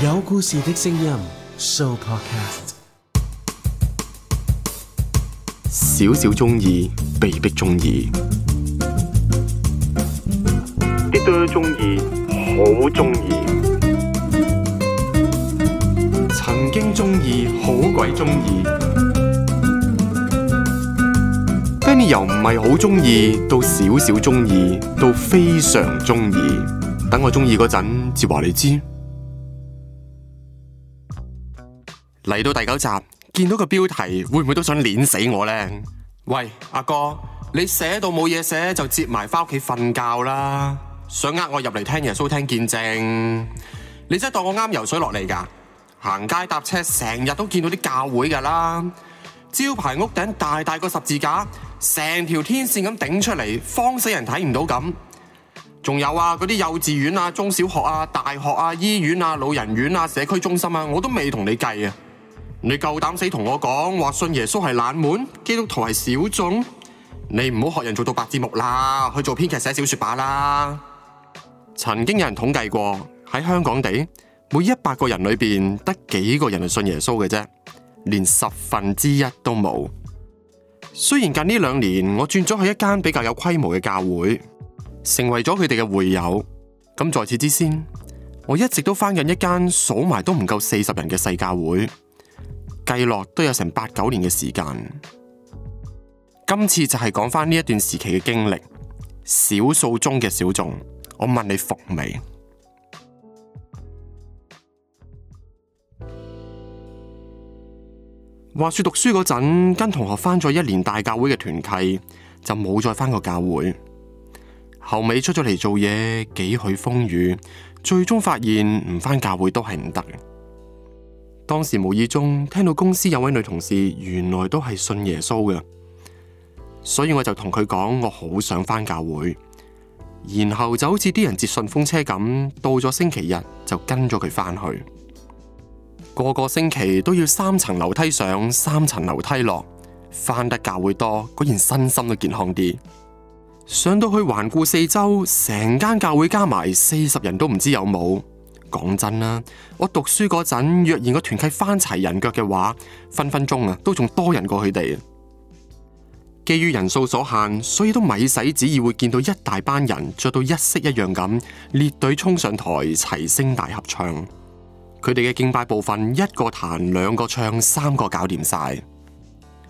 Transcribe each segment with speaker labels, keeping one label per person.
Speaker 1: 有故事的聲音 show podcast，少少中意，被迫中意；啲都中意，好中意；曾經中意，好鬼中意；any 由唔係好中意，到少少中意，到非常中意。等我中意嗰陣，至話你知。嚟到第九集，見到個標題，會唔會都想捻死我呢？喂，阿哥，你寫到冇嘢寫就接埋返屋企瞓覺啦。想呃我入嚟聽耶穌聽見證，你真係當我啱游水落嚟㗎？行街搭車成日都見到啲教會㗎啦，招牌屋頂大大個十字架，成條天線咁頂出嚟，慌死人睇唔到咁。仲有啊，嗰啲幼稚園啊、中小學啊、大學啊、醫院啊、老人院啊、社區中心啊，我都未同你計啊。你夠膽死同我講話信耶穌係冷門，基督徒係小眾，你唔好學人做到白字幕啦，去做編劇寫小說吧啦！曾經有人統計過喺香港地，每一百個人裏邊得幾個人係信耶穌嘅啫，連十分之一都冇。雖然近呢兩年我轉咗去一間比較有規模嘅教會，成為咗佢哋嘅會友，咁在此之先，我一直都翻緊一間數埋都唔夠四十人嘅細教會。計落都有成八九年嘅時間，今次就係講翻呢一段時期嘅經歷。少數中嘅小眾，我問你服未？話說讀書嗰陣，跟同學翻咗一年大教會嘅團契，就冇再翻過教會。後尾出咗嚟做嘢，幾許風雨，最終發現唔翻教會都係唔得。當時無意中聽到公司有位女同事，原來都係信耶穌嘅，所以我就同佢講，我好想返教會，然後就好似啲人接順風車咁，到咗星期日就跟咗佢返去。個個星期都要三層樓梯上，三層樓梯落，返得教會多，果然身心都健康啲。上到去環顧四周，成間教會加埋四十人都唔知有冇。講真啦，我讀書嗰陣，若然個團契翻齊人腳嘅話，分分鐘啊都仲多人過佢哋。基於人數所限，所以都咪使旨意會見到一大班人着到一式一樣咁列隊衝上台齊聲大合唱。佢哋嘅敬拜部分，一個彈，兩個唱，三個搞掂晒。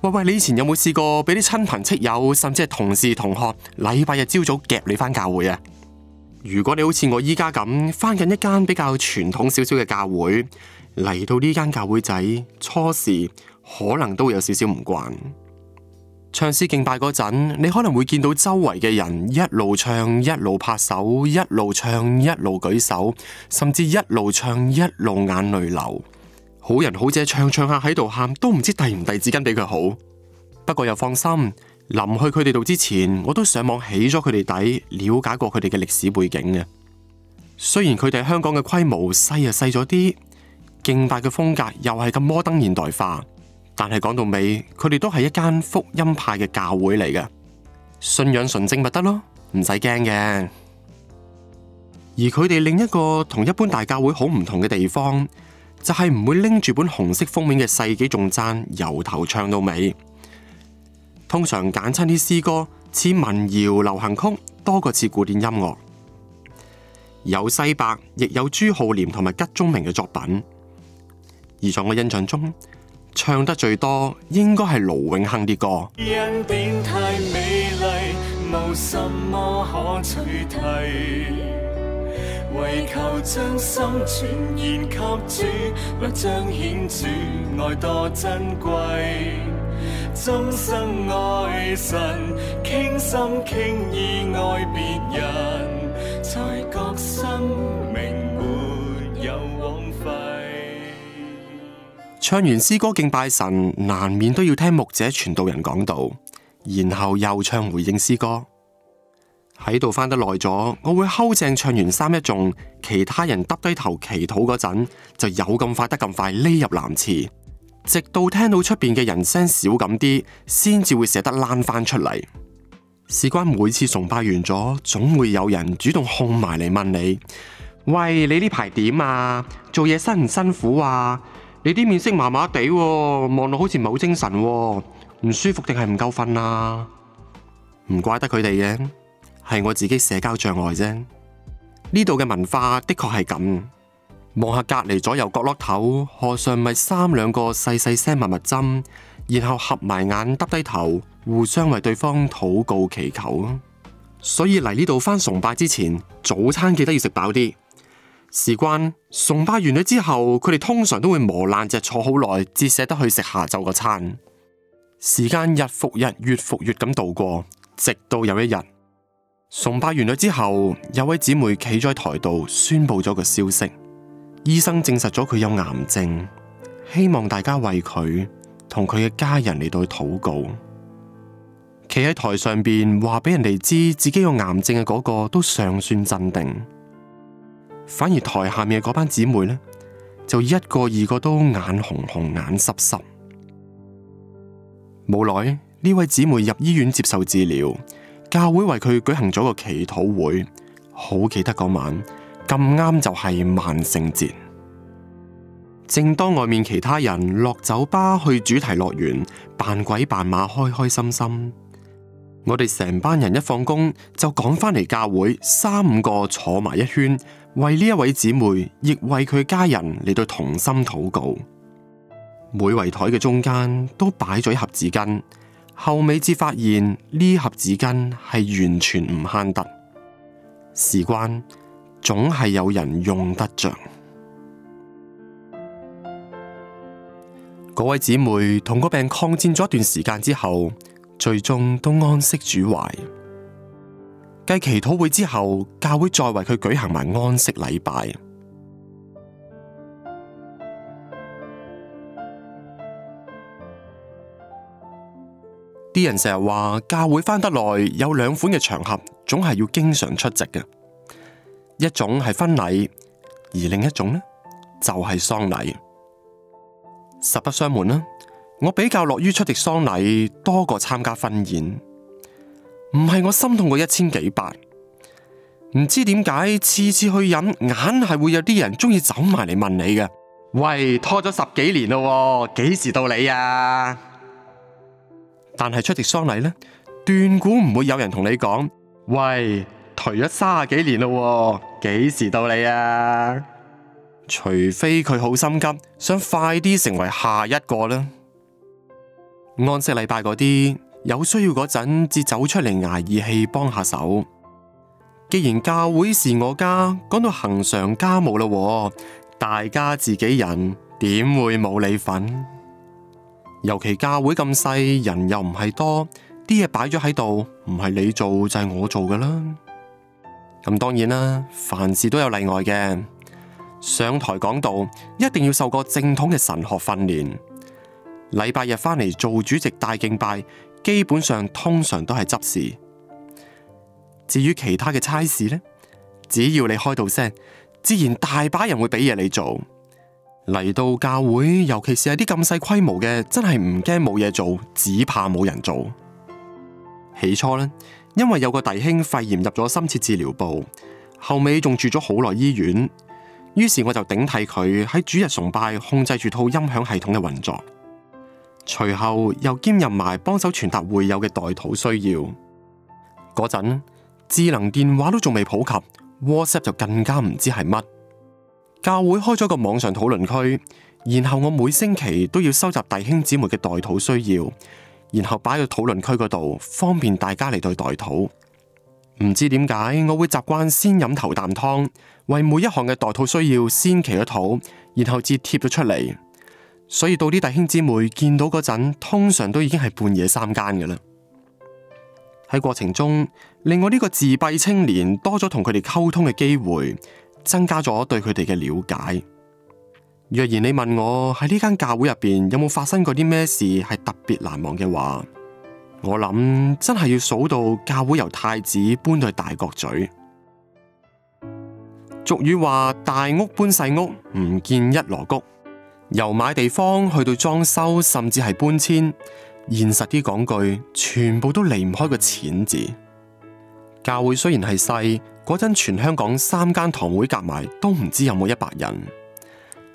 Speaker 1: 喂喂，你以前有冇試過俾啲親朋戚友，甚至係同事同學，禮拜日朝早夾你翻教會啊？如果你好似我依家咁翻緊一間比較傳統少少嘅教會，嚟到呢間教會仔初時可能都會有少少唔慣，唱詩敬拜嗰陣，你可能會見到周圍嘅人一路唱一路拍手，一路唱一路舉手，甚至一路唱一路眼淚流。好人好姐唱唱下喺度喊，都唔知遞唔遞紙巾俾佢好，不過又放心。臨去佢哋度之前，我都上網起咗佢哋底，了解過佢哋嘅歷史背景嘅。雖然佢哋香港嘅規模細啊細咗啲，敬拜嘅風格又係咁摩登現代化，但係講到尾，佢哋都係一間福音派嘅教會嚟嘅，信仰純正咪得咯，唔使驚嘅。而佢哋另一個同一般大教會好唔同嘅地方，就係唔會拎住本紅色封面嘅《世紀頌讚》，由頭唱到尾。通常揀親啲詩歌，似民謠、流行曲多過似古典音樂，有西伯，亦有朱浩廉同埋吉宗明嘅作品。而在我印象中，唱得最多應該係盧永亨啲歌。人為求將心全然給主，不彰顯主愛多珍貴。終生愛神，傾心傾意愛別人，才覺生命沒有枉費。唱完詩歌敬拜神，難免都要聽牧者傳道人講道，然後又唱回應詩歌。喺度翻得耐咗，我會睺正唱完三一頌，其他人耷低頭祈禱嗰陣，就有咁快得咁快匿入男廁，直到聽到面出邊嘅人聲少咁啲，先至會捨得躝翻出嚟。事關每次崇拜完咗，總會有人主動控埋嚟問你，喂，你呢排點啊？做嘢辛唔辛苦啊？你啲面色麻麻地，望到好似冇精神，啊，唔舒服定係唔夠瞓啊？唔怪得佢哋嘅。係我自己社交障礙啫。呢度嘅文化的確係咁，望下隔籬左右角落頭，河上咪三兩個細細聲密密針，然後合埋眼耷低頭，互相為對方禱告祈求。所以嚟呢度返崇拜之前，早餐記得要食飽啲。事關崇拜完咗之後，佢哋通常都會磨爛隻坐好耐，至捨得去食下晝個餐。時間日復日，月復月咁度過，直到有一日。崇拜完咗之後，有位姊妹企在台度宣布咗個消息。醫生證實咗佢有癌症，希望大家為佢同佢嘅家人嚟到去禱告。企喺台上邊話俾人哋知自己有癌症嘅嗰個都尚算鎮定，反而台下面嘅嗰班姊妹呢，就一個二個都眼紅紅眼濕濕。無奈呢位姊妹入醫院接受治療。教會為佢舉行咗個祈禱會，好記得嗰晚咁啱就係萬聖節。正當外面其他人落酒吧去主題樂園扮鬼扮馬開開心心，我哋成班人一放工就趕翻嚟教會，三五個坐埋一圈，為呢一位姐妹亦為佢家人嚟到同心禱告。每圍台嘅中間都擺咗一盒紙巾。後尾至發現呢盒紙巾係完全唔慳得，事關總係有人用得着。嗰 位姊妹同個病抗戰咗一段時間之後，最終都安息主懷。繼祈禱會之後，教會再為佢舉行埋安息禮拜。啲人成日話教會翻得耐，有兩款嘅場合總係要經常出席嘅，一種係婚禮，而另一種呢，就係喪禮。實不相瞞啦，我比較樂於出席喪禮多過參加婚宴，唔係我心痛過一千幾百，唔知點解次次去飲，硬係會有啲人鍾意走埋嚟問你嘅，喂拖咗十幾年咯，幾時到你啊？但係出席喪禮呢，斷估唔會有人同你講：喂，頹咗卅幾年咯，幾時到你啊？除非佢好心急，想快啲成為下一個啦。安息禮拜嗰啲有需要嗰陣，至走出嚟捱義氣幫下手。既然教會是我家，講到恆常家務啦，大家自己人，點會冇你份？尤其教會咁細，人又唔係多，啲嘢擺咗喺度，唔係你做就係我做噶啦。咁當然啦，凡事都有例外嘅。上台講道一定要受過正統嘅神學訓練，禮拜日返嚟做主席大敬拜，基本上通常都係執事。至於其他嘅差事呢，只要你開到聲，自然大把人會俾嘢你做。嚟到教會，尤其是係啲咁細規模嘅，真係唔驚冇嘢做，只怕冇人做。起初呢，因為有個弟兄肺炎入咗深切治療部，後尾仲住咗好耐醫院，於是我就頂替佢喺主日崇拜控制住套音響系統嘅運作，隨後又兼任埋幫手傳達會友嘅代禱需要。嗰陣智能電話都仲未普及，WhatsApp 就更加唔知係乜。教會開咗個網上討論區，然後我每星期都要收集弟兄姊妹嘅代禱需要，然後擺喺討論區嗰度，方便大家嚟到代禱。唔知點解我會習慣先飲頭啖湯，為每一項嘅代禱需要先祈咗禱，然後至貼咗出嚟。所以到啲弟兄姊妹見到嗰陣，通常都已經係半夜三更嘅啦。喺過程中，令我呢個自閉青年多咗同佢哋溝通嘅機會。增加咗對佢哋嘅了解。若然你問我喺呢間教會入邊有冇發生過啲咩事係特別難忘嘅話，我諗真係要數到教會由太子搬到大角咀。俗語話大屋搬細屋唔見一籮穀，由買地方去到裝修，甚至係搬遷，現實啲講句，全部都離唔開個錢字。教會雖然係細。嗰陣，全香港三間堂會夾埋都唔知有冇一百人，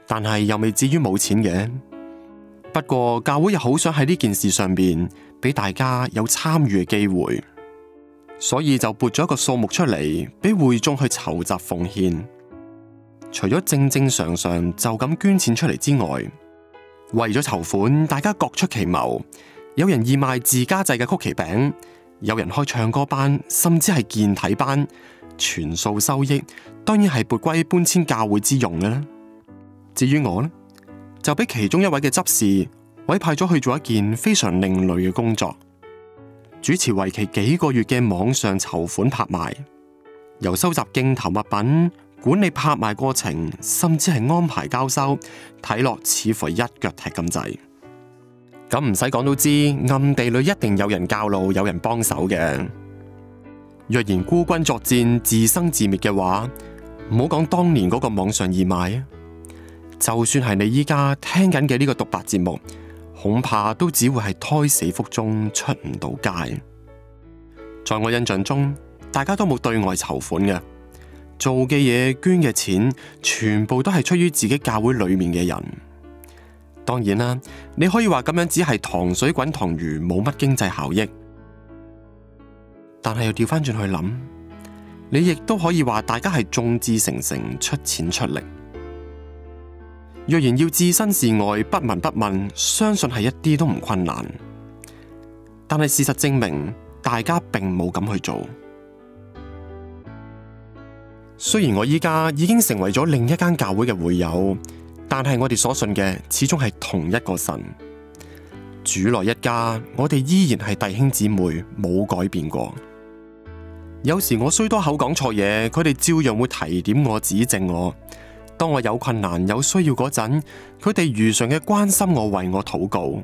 Speaker 1: 但係又未至於冇錢嘅。不過教會又好想喺呢件事上面俾大家有參與嘅機會，所以就撥咗一個數目出嚟俾會眾去籌集奉獻。除咗正正常常就咁捐錢出嚟之外，為咗籌款，大家各出其謀，有人義賣自家製嘅曲奇餅，有人開唱歌班，甚至係健體班。全數收益當然係撥歸搬遷教會之用嘅啦。至於我呢，就俾其中一位嘅執事委派咗去做一件非常另類嘅工作，主持為期幾個月嘅網上籌款拍賣，由收集競投物品、管理拍賣過程，甚至係安排交收，睇落似乎一腳踢咁滯。咁唔使講都知，暗地裏一定有人教路，有人幫手嘅。若然孤軍作戰自生自滅嘅話，唔好講當年嗰個網上義賣。就算係你依家聽緊嘅呢個獨白節目，恐怕都只會係胎死腹中出唔到街。在我印象中，大家都冇對外籌款嘅，做嘅嘢捐嘅錢，全部都係出於自己教會裏面嘅人。當然啦，你可以話咁樣只係糖水滾糖魚，冇乜經濟效益。但係又調翻轉去諗，你亦都可以話大家係眾志成城，出錢出力。若然要置身事外，不聞不問，相信係一啲都唔困難。但係事實證明，大家並冇咁去做。雖然我依家已經成為咗另一間教會嘅會友，但係我哋所信嘅始終係同一個神。主內一家，我哋依然係弟兄姊妹，冇改變過。有時我衰多口講錯嘢，佢哋照樣會提點我、指正我。當我有困難、有需要嗰陣，佢哋如常嘅關心我、為我禱告。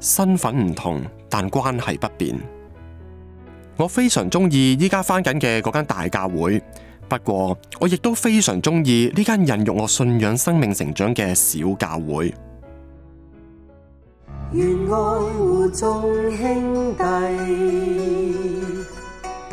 Speaker 1: 身份唔同，但關係不變。我非常中意依家翻緊嘅嗰間大教會，不過我亦都非常中意呢間孕育我信仰、生命成長嘅小教會。願愛護眾兄弟。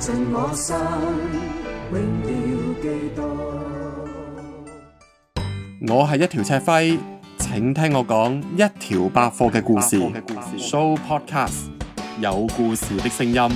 Speaker 1: 我係一條赤輝，請聽我講一條百貨嘅故事。Show Podcast 有故事的聲音。